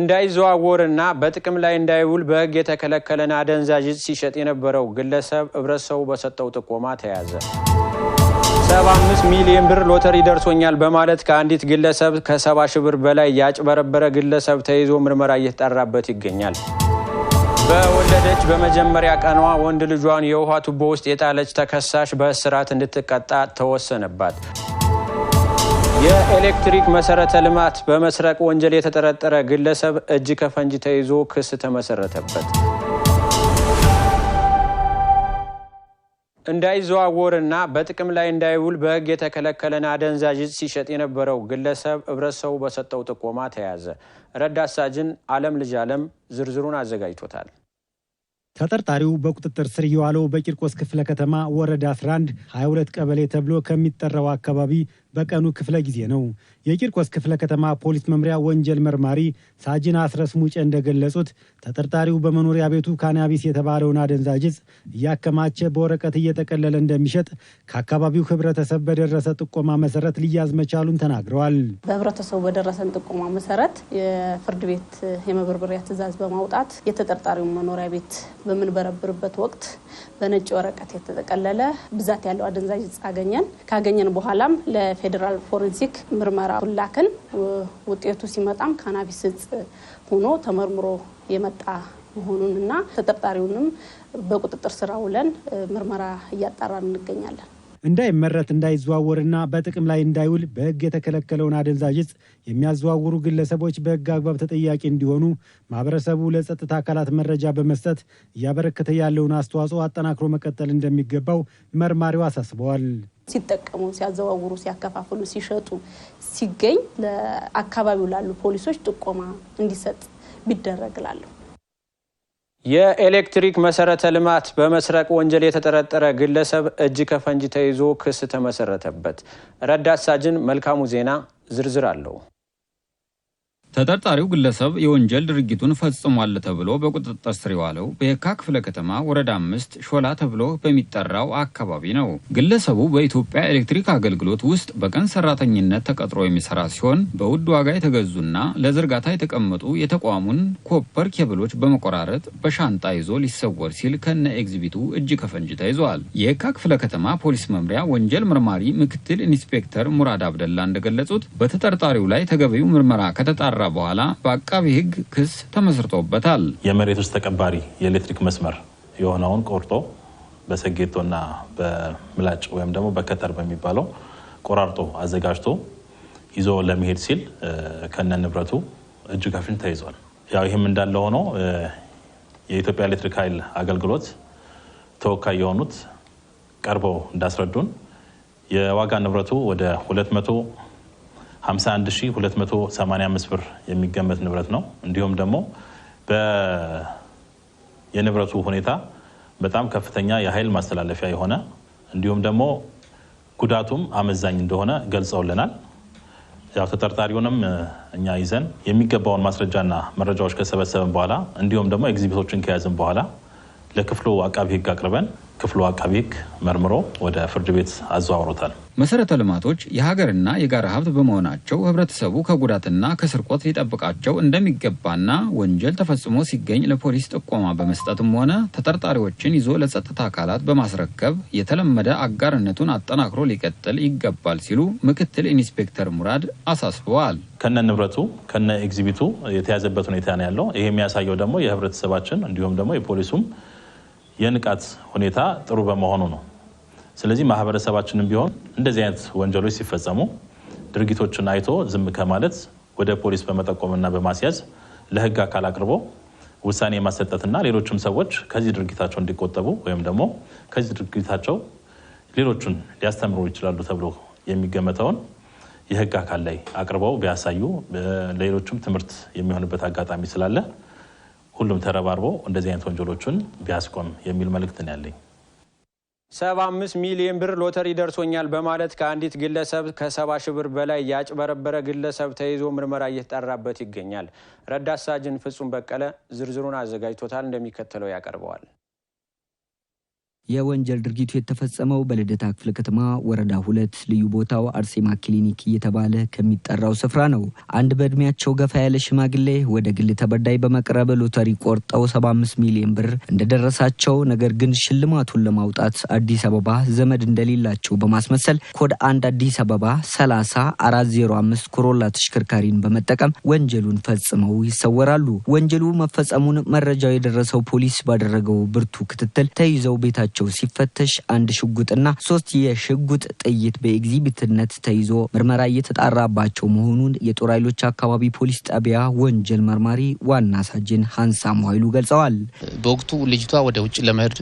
እንዳይዘዋወርና በጥቅም ላይ እንዳይውል በህግ የተከለከለን አደንዛዥ ሲሸጥ የነበረው ግለሰብ ህብረተሰቡ በሰጠው ጥቆማ ተያዘ። 75 ሚሊዮን ብር ሎተሪ ደርሶኛል በማለት ከአንዲት ግለሰብ ከ70 ሺህ ብር በላይ ያጭበረበረ ግለሰብ ተይዞ ምርመራ እየተጣራበት ይገኛል። በወለደች በመጀመሪያ ቀኗ ወንድ ልጇን የውሃ ቱቦ ውስጥ የጣለች ተከሳሽ በእስራት እንድትቀጣ ተወሰነባት። የኤሌክትሪክ መሰረተ ልማት በመስረቅ ወንጀል የተጠረጠረ ግለሰብ እጅ ከፈንጅ ተይዞ ክስ ተመሰረተበት። እንዳይዘዋወርና በጥቅም ላይ እንዳይውል በሕግ የተከለከለን አደንዛዥ ሲሸጥ የነበረው ግለሰብ ህብረተሰቡ በሰጠው ጥቆማ ተያዘ። ረዳት ሳጅን አለም ልጅ አለም ዝርዝሩን አዘጋጅቶታል። ተጠርጣሪው በቁጥጥር ስር የዋለው በቂርቆስ ክፍለ ከተማ ወረዳ 11 22 ቀበሌ ተብሎ ከሚጠራው አካባቢ በቀኑ ክፍለ ጊዜ ነው። የቂርቆስ ክፍለ ከተማ ፖሊስ መምሪያ ወንጀል መርማሪ ሳጅን አስረስ ሙጨ እንደገለጹት ተጠርጣሪው በመኖሪያ ቤቱ ካናቢስ የተባለውን አደንዛዥ እያከማቸ በወረቀት እየጠቀለለ እንደሚሸጥ ከአካባቢው ህብረተሰብ በደረሰ ጥቆማ መሰረት ሊያዝ መቻሉን ተናግረዋል። በህብረተሰቡ በደረሰን ጥቆማ መሰረት የፍርድ ቤት የመበርበሪያ ትዕዛዝ በማውጣት የተጠርጣሪውን መኖሪያ ቤት በምንበረብርበት ወቅት በነጭ ወረቀት የተጠቀለለ ብዛት ያለው አደንዛዥ አገኘን። ካገኘን በኋላም ፌዴራል ፎረንሲክ ምርመራ ሁላክን ውጤቱ ሲመጣም ካናቢስ እጽ ሆኖ ተመርምሮ የመጣ መሆኑን እና ተጠርጣሪውንም በቁጥጥር ስር አውለን ምርመራ እያጣራን እንገኛለን። እንዳይመረት እንዳይዘዋወርና በጥቅም ላይ እንዳይውል በሕግ የተከለከለውን አደንዛዥ እጽ የሚያዘዋውሩ ግለሰቦች በሕግ አግባብ ተጠያቂ እንዲሆኑ ማህበረሰቡ ለጸጥታ አካላት መረጃ በመስጠት እያበረከተ ያለውን አስተዋጽኦ አጠናክሮ መቀጠል እንደሚገባው መርማሪው አሳስበዋል። ሲጠቀሙ፣ ሲያዘዋውሩ፣ ሲያከፋፍሉ፣ ሲሸጡ ሲገኝ ለአካባቢው ላሉ ፖሊሶች ጥቆማ እንዲሰጥ ቢደረግ ላለሁ የኤሌክትሪክ መሰረተ ልማት በመስረቅ ወንጀል የተጠረጠረ ግለሰብ እጅ ከፈንጂ ተይዞ ክስ ተመሰረተበት። ረዳት ሳጅን መልካሙ ዜና ዝርዝር አለው። ተጠርጣሪው ግለሰብ የወንጀል ድርጊቱን ፈጽሟል ተብሎ በቁጥጥር ስር የዋለው በየካ ክፍለ ከተማ ወረዳ አምስት ሾላ ተብሎ በሚጠራው አካባቢ ነው። ግለሰቡ በኢትዮጵያ ኤሌክትሪክ አገልግሎት ውስጥ በቀን ሰራተኝነት ተቀጥሮ የሚሰራ ሲሆን በውድ ዋጋ የተገዙና ለዝርጋታ የተቀመጡ የተቋሙን ኮፐር ኬብሎች በመቆራረጥ በሻንጣ ይዞ ሊሰወር ሲል ከነ ኤግዚቢቱ እጅ ከፈንጅ ተይዘዋል። የየካ ክፍለ ከተማ ፖሊስ መምሪያ ወንጀል ምርማሪ ምክትል ኢንስፔክተር ሙራድ አብደላ እንደገለጹት በተጠርጣሪው ላይ ተገቢው ምርመራ ከተጣራ ከተጣራ በኋላ በአቃቢ ህግ ክስ ተመስርቶበታል። የመሬት ውስጥ ተቀባሪ የኤሌክትሪክ መስመር የሆነውን ቆርጦ በሰጌቶና በምላጭ ወይም ደግሞ በከተር በሚባለው ቆራርጦ አዘጋጅቶ ይዞ ለመሄድ ሲል ከነ ንብረቱ እጅ ከፍንጅ ተይዟል። ያው ይህም እንዳለ ሆኖ የኢትዮጵያ ኤሌክትሪክ ኃይል አገልግሎት ተወካይ የሆኑት ቀርበው እንዳስረዱን የዋጋ ንብረቱ ወደ 51285 ብር የሚገመት ንብረት ነው። እንዲሁም ደግሞ የንብረቱ ሁኔታ በጣም ከፍተኛ የኃይል ማስተላለፊያ የሆነ እንዲሁም ደግሞ ጉዳቱም አመዛኝ እንደሆነ ገልጸውልናል። ያው ተጠርጣሪውንም እኛ ይዘን የሚገባውን ማስረጃና መረጃዎች ከሰበሰብን በኋላ እንዲሁም ደግሞ ኤግዚቢቶችን ከያዝን በኋላ ለክፍሉ አቃቢ ሕግ አቅርበን ክፍሉ አቃቤ መርምሮ ወደ ፍርድ ቤት አዘዋውሮታል። መሰረተ ልማቶች የሀገርና የጋራ ሀብት በመሆናቸው ህብረተሰቡ ከጉዳትና ከስርቆት ሊጠብቃቸው እንደሚገባና ወንጀል ተፈጽሞ ሲገኝ ለፖሊስ ጥቆማ በመስጠትም ሆነ ተጠርጣሪዎችን ይዞ ለጸጥታ አካላት በማስረከብ የተለመደ አጋርነቱን አጠናክሮ ሊቀጥል ይገባል ሲሉ ምክትል ኢንስፔክተር ሙራድ አሳስበዋል። ከነ ንብረቱ ከነ ኤግዚቢቱ የተያዘበት ሁኔታ ነው ያለው። ይህ የሚያሳየው ደግሞ የህብረተሰባችን እንዲሁም ደግሞ የፖሊሱም የንቃት ሁኔታ ጥሩ በመሆኑ ነው። ስለዚህ ማህበረሰባችንም ቢሆን እንደዚህ አይነት ወንጀሎች ሲፈጸሙ ድርጊቶችን አይቶ ዝም ከማለት ወደ ፖሊስ በመጠቆምና በማስያዝ ለህግ አካል አቅርቦ ውሳኔ የማሰጠትና ሌሎችም ሰዎች ከዚህ ድርጊታቸው እንዲቆጠቡ ወይም ደግሞ ከዚህ ድርጊታቸው ሌሎቹን ሊያስተምሩ ይችላሉ ተብሎ የሚገመተውን የህግ አካል ላይ አቅርበው ቢያሳዩ ለሌሎችም ትምህርት የሚሆንበት አጋጣሚ ስላለ ሁሉም ተረባርቦ እንደዚህ አይነት ወንጀሎችን ቢያስቆም የሚል መልእክት ነው ያለኝ። አምስት ሚሊዮን ብር ሎተሪ ደርሶኛል በማለት ከአንዲት ግለሰብ ከሰባ ሺህ ብር በላይ ያጭበረበረ ግለሰብ ተይዞ ምርመራ እየተጣራበት ይገኛል። ረዳት ሳጅን ፍጹም በቀለ ዝርዝሩን አዘጋጅቶታል፣ እንደሚከተለው ያቀርበዋል። የወንጀል ድርጊቱ የተፈጸመው በልደታ ክፍለ ከተማ ወረዳ ሁለት ልዩ ቦታው አርሴማ ክሊኒክ እየተባለ ከሚጠራው ስፍራ ነው። አንድ በእድሜያቸው ገፋ ያለ ሽማግሌ ወደ ግል ተበዳይ በመቅረብ ሎተሪ ቆርጠው 75 ሚሊዮን ብር እንደደረሳቸው፣ ነገር ግን ሽልማቱን ለማውጣት አዲስ አበባ ዘመድ እንደሌላቸው በማስመሰል ኮድ አንድ አዲስ አበባ 30 405 ኮሮላ ተሽከርካሪን በመጠቀም ወንጀሉን ፈጽመው ይሰወራሉ። ወንጀሉ መፈጸሙን መረጃው የደረሰው ፖሊስ ባደረገው ብርቱ ክትትል ተይዘው ቤታቸው ቤታቸው ሲፈተሽ አንድ ሽጉጥና ሶስት የሽጉጥ ጥይት በኤግዚቢትነት ተይዞ ምርመራ እየተጣራባቸው መሆኑን የጦር ኃይሎች አካባቢ ፖሊስ ጣቢያ ወንጀል መርማሪ ዋና ሳጅን ሀንሳሙ ኃይሉ ገልጸዋል። በወቅቱ ልጅቷ ወደ ውጭ ለመሄድ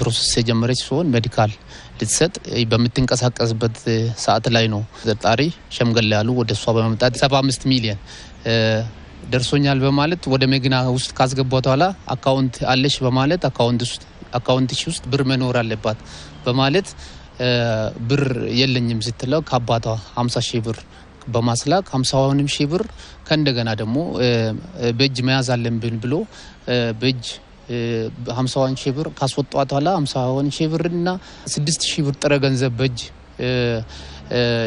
ፕሮሰስ የጀመረች ሲሆን ሜዲካል ልትሰጥ በምትንቀሳቀስበት ሰዓት ላይ ነው ተጠርጣሪ ሸምገላ ያሉ ወደ እሷ በመምጣት 75 ሚሊየን ደርሶኛል በማለት ወደ መኪና ውስጥ ካስገባት በኋላ አካውንት አለሽ በማለት አካውንት ውስጥ አካውንትሽ ውስጥ ብር መኖር አለባት በማለት ብር የለኝም ስትለው ከአባቷ 50 ሺህ ብር በማስላክ 50 ሺህ ብር ከእንደገና ደግሞ በእጅ መያዝ አለብን ብሎ በእጅ 50 ሺህ ብር ካስወጧት ኋላ 50 ሺህ ብር እና 6 ሺህ ብር ጥረ ገንዘብ በእጅ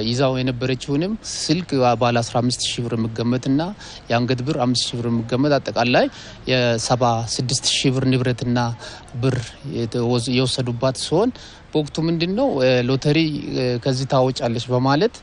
ይዛው የነበረችውንም ስልክ ባለ 15 ሺህ ብር የሚገመትና የአንገት ብር 5 ሺህ ብር የሚገመት አጠቃላይ የ76 ሺህ ብር ንብረትና ብር የወሰዱባት ሲሆን በወቅቱ ምንድን ነው ሎተሪ ከዚህ ታወጫለች በማለት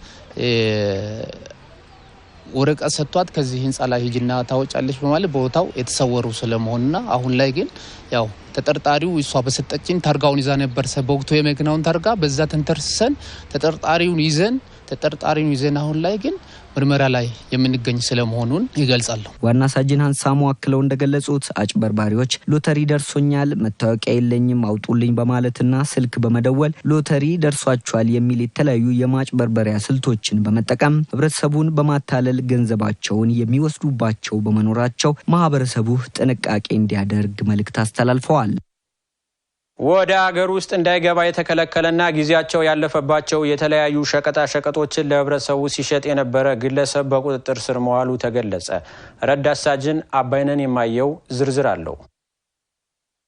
ወረቀት ሰጥቷት ከዚህ ህንፃ ላይ ሂጅና ታወጫለች በማለት በቦታው የተሰወሩ ስለመሆኑና አሁን ላይ ግን ያው ተጠርጣሪው እሷ በሰጠችኝ ታርጋውን ይዛ ነበር በወቅቱ የመኪናውን ታርጋ በዛ ተንተርሰን ተጠርጣሪውን ይዘን ተጠርጣሪውን ይዘን አሁን ላይ ግን ምርመራ ላይ የምንገኝ ስለመሆኑን ይገልጻሉ። ዋና ሳጅን ሀንሳሙ አክለው እንደገለጹት አጭበርባሪዎች ሎተሪ ደርሶኛል፣ መታወቂያ የለኝም አውጡልኝ በማለትና ስልክ በመደወል ሎተሪ ደርሷቸዋል የሚል የተለያዩ የማጭበርበሪያ ስልቶችን በመጠቀም ህብረተሰቡን በማታለል ገንዘባቸውን የሚወስዱባቸው በመኖራቸው ማህበረሰቡ ጥንቃቄ እንዲያደርግ መልእክት አስተላልፈዋል። ወደ አገር ውስጥ እንዳይገባ የተከለከለና ጊዜያቸው ያለፈባቸው የተለያዩ ሸቀጣ ሸቀጦችን ለህብረተሰቡ ሲሸጥ የነበረ ግለሰብ በቁጥጥር ስር መዋሉ ተገለጸ። ረዳት ሳጅን አባይነን የማየው ዝርዝር አለው።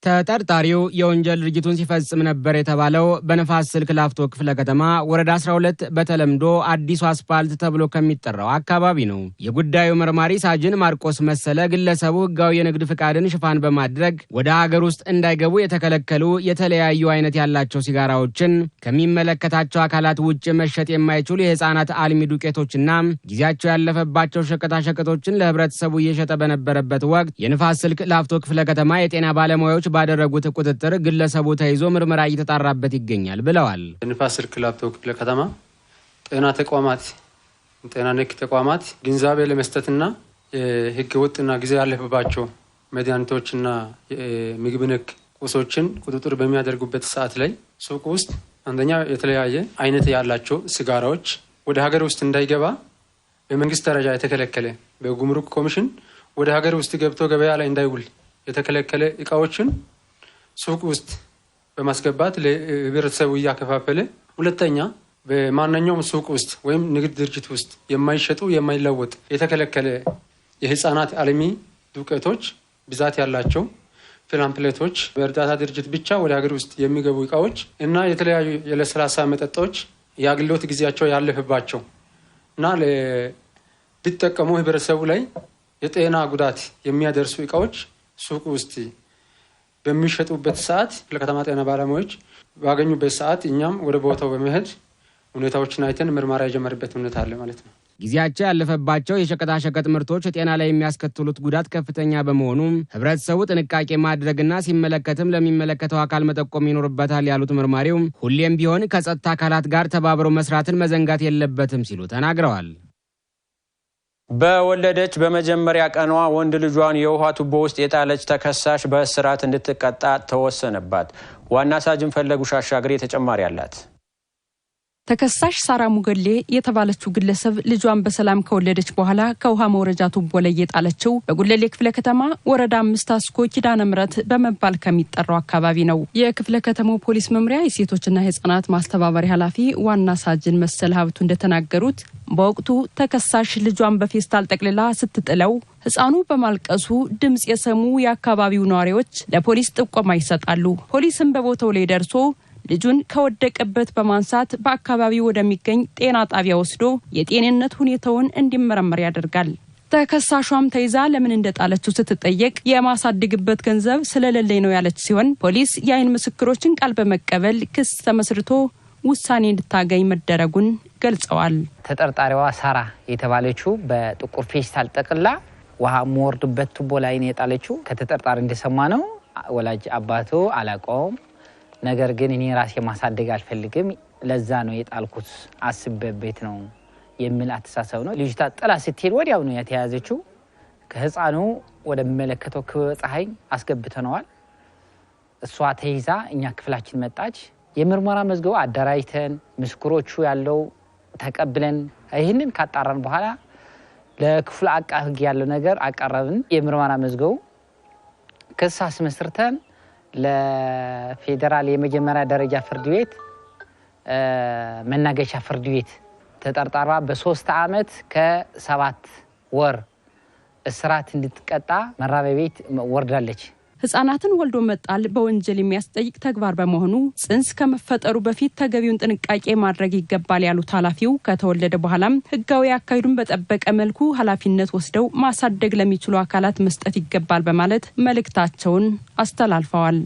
ተጠርጣሪው የወንጀል ድርጊቱን ሲፈጽም ነበር የተባለው በንፋስ ስልክ ላፍቶ ክፍለ ከተማ ወረዳ 12 በተለምዶ አዲሱ አስፓልት ተብሎ ከሚጠራው አካባቢ ነው። የጉዳዩ መርማሪ ሳጅን ማርቆስ መሰለ ግለሰቡ ሕጋዊ የንግድ ፍቃድን ሽፋን በማድረግ ወደ ሀገር ውስጥ እንዳይገቡ የተከለከሉ የተለያዩ አይነት ያላቸው ሲጋራዎችን ከሚመለከታቸው አካላት ውጭ መሸጥ የማይችሉ የሕፃናት አልሚ ዱቄቶችና ጊዜያቸው ያለፈባቸው ሸቀጣሸቀጦችን ለህብረተሰቡ እየሸጠ በነበረበት ወቅት የንፋስ ስልክ ላፍቶ ክፍለ ከተማ የጤና ባለሙያዎች ባደረጉት ቁጥጥር ግለሰቡ ተይዞ ምርመራ እየተጣራበት ይገኛል ብለዋል። ንፋስ ስልክ ላፍቶ ክፍለ ከተማ ጤና ተቋማት ጤና ነክ ተቋማት ግንዛቤ ለመስጠትና ህገ ወጥና ጊዜ ያለፈባቸው መድኃኒቶችና ምግብ ነክ ቁሶችን ቁጥጥር በሚያደርጉበት ሰዓት ላይ ሱቅ ውስጥ አንደኛ የተለያየ አይነት ያላቸው ስጋራዎች ወደ ሀገር ውስጥ እንዳይገባ በመንግስት ደረጃ የተከለከለ በጉምሩክ ኮሚሽን ወደ ሀገር ውስጥ ገብቶ ገበያ ላይ እንዳይውል የተከለከለ እቃዎችን ሱቅ ውስጥ በማስገባት ለህብረተሰቡ እያከፋፈለ፣ ሁለተኛ በማንኛውም ሱቅ ውስጥ ወይም ንግድ ድርጅት ውስጥ የማይሸጡ የማይለወጥ የተከለከለ የህፃናት አልሚ ዱቄቶች ብዛት ያላቸው ፍላምፕሌቶች በእርዳታ ድርጅት ብቻ ወደ ሀገር ውስጥ የሚገቡ እቃዎች እና የተለያዩ የለስላሳ መጠጦች የአገልግሎት ጊዜያቸው ያለፈባቸው እና ቢጠቀሙ ህብረተሰቡ ላይ የጤና ጉዳት የሚያደርሱ እቃዎች ሱቅ ውስጥ በሚሸጡበት ሰዓት ለከተማ ጤና ባለሙያዎች ባገኙበት ሰዓት እኛም ወደ ቦታው በመሄድ ሁኔታዎችን አይተን ምርመራ የጀመርበት ሁኔታ አለ ማለት ነው። ጊዜያቸው ያለፈባቸው የሸቀጣሸቀጥ ምርቶች ጤና ላይ የሚያስከትሉት ጉዳት ከፍተኛ በመሆኑ ህብረተሰቡ ጥንቃቄ ማድረግና ሲመለከትም ለሚመለከተው አካል መጠቆም ይኖርበታል ያሉት መርማሪው ሁሌም ቢሆን ከጸጥታ አካላት ጋር ተባብረው መስራትን መዘንጋት የለበትም ሲሉ ተናግረዋል። በወለደች በመጀመሪያ ቀኗ ወንድ ልጇን የውሃ ቱቦ ውስጥ የጣለች ተከሳሽ በእስራት እንድትቀጣ ተወሰነባት። ዋና ሳጅን ፈለጉ ሻሻግሬ ተጨማሪ አላት። ተከሳሽ ሳራ ሙገሌ የተባለችው ግለሰብ ልጇን በሰላም ከወለደች በኋላ ከውሃ መውረጃ ቱቦ ላይ የጣለችው በጉለሌ ክፍለ ከተማ ወረዳ አምስት አስኮ ኪዳነ ምረት በመባል ከሚጠራው አካባቢ ነው። የክፍለ ከተማው ፖሊስ መምሪያ የሴቶችና ሕጻናት ማስተባበሪያ ኃላፊ ዋና ሳጅን መሰል ሀብቱ እንደተናገሩት በወቅቱ ተከሳሽ ልጇን በፌስታል ጠቅልላ ስትጥለው ህፃኑ በማልቀሱ ድምፅ የሰሙ የአካባቢው ነዋሪዎች ለፖሊስ ጥቆማ ይሰጣሉ። ፖሊስም በቦታው ላይ ደርሶ ልጁን ከወደቀበት በማንሳት በአካባቢው ወደሚገኝ ጤና ጣቢያ ወስዶ የጤንነት ሁኔታውን እንዲመረመር ያደርጋል። ተከሳሿም ተይዛ ለምን እንደጣለችው ስትጠየቅ የማሳድግበት ገንዘብ ስለሌለኝ ነው ያለች ሲሆን ፖሊስ የአይን ምስክሮችን ቃል በመቀበል ክስ ተመስርቶ ውሳኔ እንድታገኝ መደረጉን ገልጸዋል። ተጠርጣሪዋ ሳራ የተባለችው በጥቁር ፌስታል ጠቅላ ውሃ የምወርድበት ቱቦ ላይ ነው የጣለችው። ከተጠርጣሪ እንደሰማ ነው ወላጅ አባቱ አላውቀውም ነገር ግን እኔ ራሴ ማሳደግ አልፈልግም፣ ለዛ ነው የጣልኩት፣ አስበቤት ነው የሚል አተሳሰብ ነው። ልጅቷ ጥላ ስትሄድ ወዲያው ነው የተያዘችው። ከህፃኑ ወደሚመለከተው ክበበ ፀሐይ አስገብተነዋል። እሷ ተይዛ እኛ ክፍላችን መጣች። የምርመራ መዝገቡ አደራጅተን ምስክሮቹ ያለው ተቀብለን ይህንን ካጣራን በኋላ ለክፍሉ አቃ ህግ ያለው ነገር አቀረብን። የምርመራ መዝገቡ ክስ አስመስርተን ለፌዴራል የመጀመሪያ ደረጃ ፍርድ ቤት መናገሻ ፍርድ ቤት ተጠርጣሯ በሶስት ዓመት ከሰባት ወር እስራት እንድትቀጣ መራቢያ ቤት ወርዳለች። ህጻናትን ወልዶ መጣል በወንጀል የሚያስጠይቅ ተግባር በመሆኑ ጽንስ ከመፈጠሩ በፊት ተገቢውን ጥንቃቄ ማድረግ ይገባል ያሉት ኃላፊው ከተወለደ በኋላም ህጋዊ አካሄዱን በጠበቀ መልኩ ኃላፊነት ወስደው ማሳደግ ለሚችሉ አካላት መስጠት ይገባል በማለት መልእክታቸውን አስተላልፈዋል።